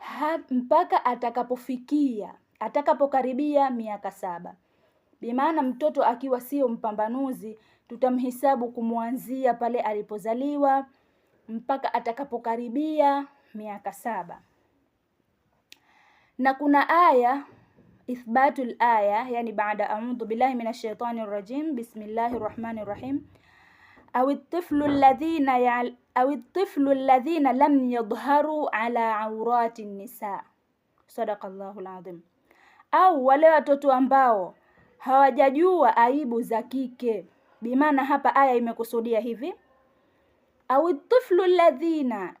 ha, mpaka atakapofikia atakapokaribia miaka saba. Bimaana mtoto akiwa sio mpambanuzi, tutamhesabu kumwanzia pale alipozaliwa mpaka atakapokaribia miaka saba. Na kuna aya ithbatul aya, yani baada audhu billahi shaitani rajim, bismillahi rahmani rahim awi tiflu alladhina ya awi tiflu alladhina lam yadhharu ala aurati nisa. Sadaqallahu alazim. Au wale watoto ambao hawajajua aibu za kike, bimaana hapa aya imekusudia hivi au tiflu ladhina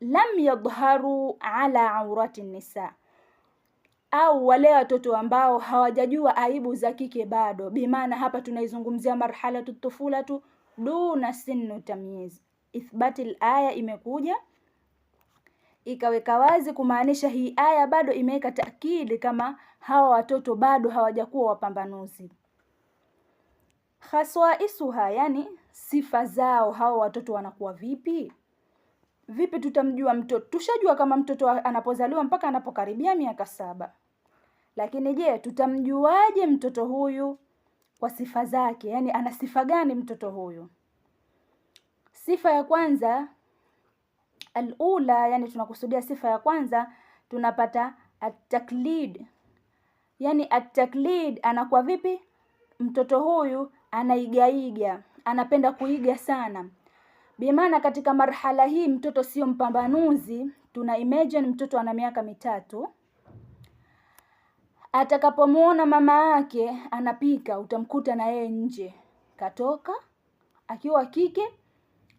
lam yadhharu ala aurati nisa au wale watoto ambao hawajajua aibu za kike bado, bimaana hapa tunaizungumzia marhalatu tufulatu du na sinu tamyiz. Ithbati aya imekuja ikaweka wazi kumaanisha hii aya bado imeweka taakidi kama hawa watoto bado hawajakuwa wapambanuzi. Khaswaisuha, yani sifa zao hawa watoto wanakuwa vipi? Vipi tutamjua mtoto? Tushajua kama mtoto anapozaliwa mpaka anapokaribia miaka saba, lakini je, tutamjuaje mtoto huyu? kwa sifa zake, yaani ana sifa gani mtoto huyu. Sifa ya kwanza alula, yani tunakusudia sifa ya kwanza tunapata ataklid, yani ataklid anakuwa vipi? Mtoto huyu anaigaiga, anapenda kuiga sana. Bimaana katika marhala hii mtoto sio mpambanuzi. Tuna imagine mtoto ana miaka mitatu Atakapomwona mama yake anapika, utamkuta na yeye nje katoka, akiwa kike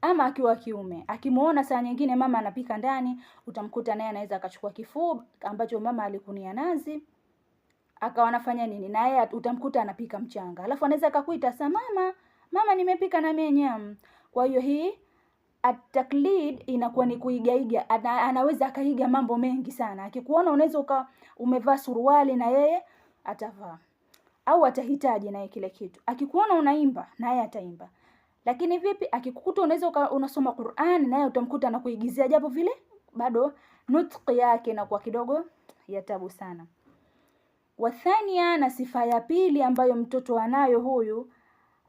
ama akiwa kiume. Akimwona saa nyingine mama anapika ndani, utamkuta naye anaweza akachukua kifuu ambacho mama alikunia nazi akawa anafanya nini, na yeye utamkuta anapika mchanga, alafu anaweza akakuita sa, mama mama, nimepika na mie nyamu. Kwa hiyo hii At-taklid inakuwa ni kuigaiga. Ana, anaweza akaiga mambo mengi sana. Akikuona unaweza uka umevaa suruali na yeye atavaa au atahitaji naye kile kitu. Akikuona unaimba na yeye ataimba. Lakini vipi akikukuta unaweza unasoma Qur'an na yeye utamkuta na kuigizia japo vile bado nutqi yake inakuwa kidogo ya tabu sana. Wathania, na sifa ya pili ambayo mtoto anayo huyu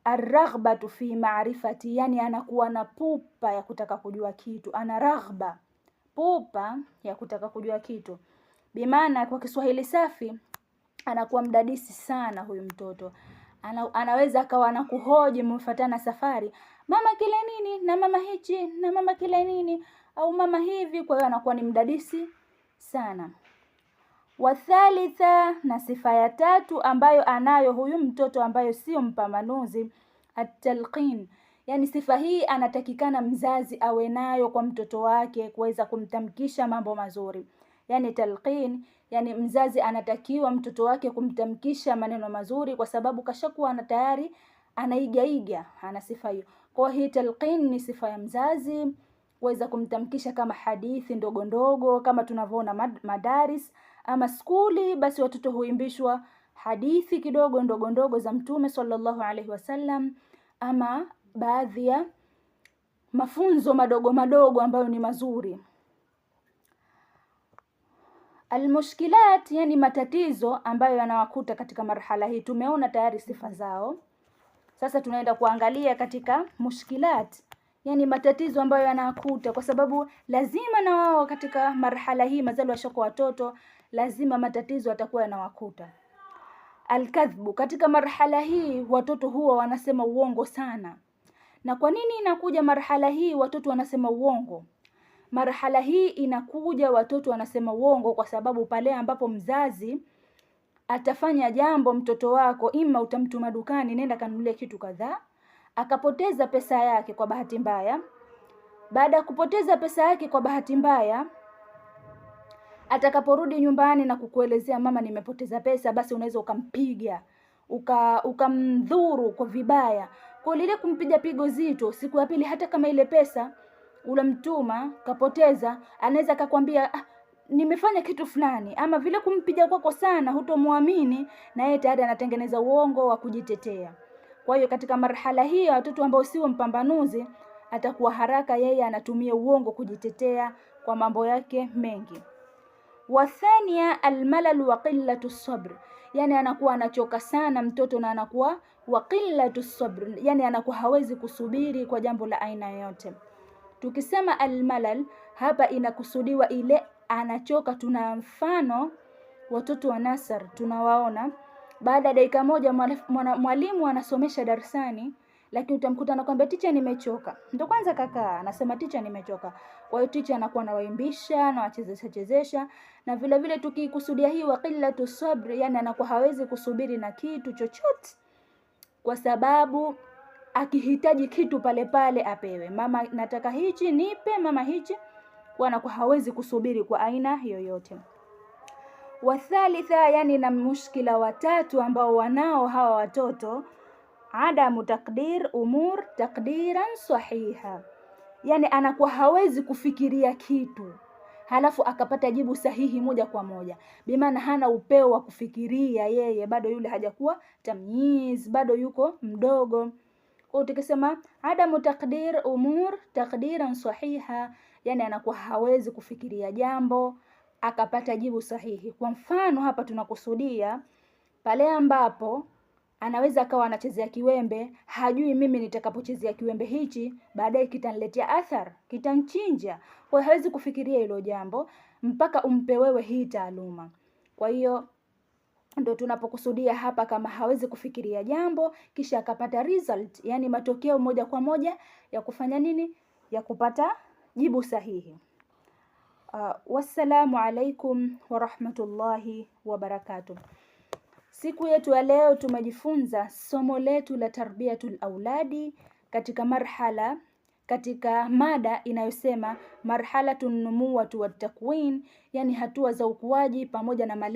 arraghbatu fi maarifati, yani anakuwa na pupa ya kutaka kujua kitu, ana raghba, pupa ya kutaka kujua kitu. Bimaana kwa Kiswahili safi, anakuwa mdadisi sana huyu mtoto. Ana, anaweza akawa anakuhoji mfuatana safari, mama kile nini na mama hichi na mama kile nini au mama hivi. Kwa hiyo anakuwa ni mdadisi sana wathalitha, na sifa ya tatu ambayo anayo huyu mtoto ambayo sio mpambanuzi atalqin, yani sifa hii anatakikana mzazi awe nayo kwa mtoto wake kuweza kumtamkisha mambo mazuri, yani talqin Yani, mzazi anatakiwa mtoto wake kumtamkisha maneno mazuri, kwa sababu kashakuwa ana tayari anaigaiga, ana sifa hiyo. Kwa hii talqin ni sifa ya mzazi kuweza kumtamkisha, kama hadithi ndogo ndogo, kama tunavyoona madaris ama skuli, basi watoto huimbishwa hadithi kidogo ndogo ndogo za Mtume sallallahu alaihi wasallam, ama baadhi ya mafunzo madogo madogo ambayo ni mazuri. Almushkilat, yani matatizo ambayo yanawakuta katika marhala hii, tumeona tayari sifa zao. Sasa tunaenda kuangalia katika mushkilat yani matatizo ambayo yanakuta, kwa sababu lazima na wao katika marhala hii mazali washoko watoto, lazima matatizo yatakuwa yanawakuta. Alkadhbu, katika marhala hii watoto huwa wanasema uongo sana. Na kwa nini inakuja marhala hii watoto wanasema uongo? Marhala hii inakuja watoto wanasema uongo kwa sababu pale ambapo mzazi atafanya jambo mtoto wako, ima utamtuma dukani, nenda kanunulia kitu kadhaa akapoteza pesa yake kwa bahati mbaya. Baada ya kupoteza pesa yake kwa bahati mbaya, atakaporudi nyumbani na kukuelezea mama, nimepoteza pesa, basi unaweza ukampiga uka ukamdhuru kwa vibaya. Kwa lile kumpiga pigo zito, siku ya pili, hata kama ile pesa ulamtuma kapoteza, anaweza akakwambia ah, nimefanya kitu fulani. Ama vile kumpiga kwako sana, hutomwamini na yeye tayari anatengeneza uongo wa kujitetea. Kwa hiyo katika marhala hii ya watoto ambao sio mpambanuzi, atakuwa haraka yeye anatumia uongo kujitetea kwa mambo yake mengi. Wathania almalal wa qillatu sabr, yani anakuwa anachoka sana mtoto na anakuwa wa qillatu sabr, yani anakuwa hawezi kusubiri kwa jambo la aina yoyote. Tukisema almalal hapa inakusudiwa ile anachoka. Tuna mfano watoto wa Nasar tunawaona baada ya dakika moja mwalimu anasomesha darasani, lakini utamkuta anakwambia ticha, nimechoka. Ndo kwanza kakaa anasema ticha, nimechoka. Kwa hiyo ticha anakuwa anawaimbisha na wachezesha chezesha, na vile vile tukikusudia hii wa qillatu sabri, yani anakuwa hawezi kusubiri na kitu chochote, kwa sababu akihitaji kitu pale pale apewe. Mama nataka hichi, nipe mama hichi, kwa anakuwa hawezi kusubiri kwa aina yoyote wathalitha, yani na mushkila watatu ambao wanao hawa watoto adamu takdir umur takdiran sahiha, yani anakuwa hawezi kufikiria kitu halafu akapata jibu sahihi moja kwa moja, bimaana hana upeo wa kufikiria yeye, bado yule hajakuwa tamyiz, bado yuko mdogo. Kwa tukisema adamu takdir umur takdiran sahiha, yani anakuwa hawezi kufikiria jambo akapata jibu sahihi. Kwa mfano hapa tunakusudia pale ambapo anaweza akawa anachezea kiwembe, hajui mimi nitakapochezea kiwembe hichi baadaye kitaniletea athar, kitanchinja. Kwa hiyo hawezi kufikiria hilo jambo mpaka umpe wewe hii taaluma. Kwa hiyo ndo tunapokusudia hapa, kama hawezi kufikiria jambo kisha akapata result, yani matokeo moja kwa moja ya kufanya nini, ya kupata jibu sahihi. Uh, wassalamu alaikum warahmatullahi wabarakatuh. Siku yetu ya leo tumejifunza somo letu la tarbiyatul auladi katika marhala katika mada inayosema marhalatun numuwatu watakwin, yani hatua za ukuaji pamoja na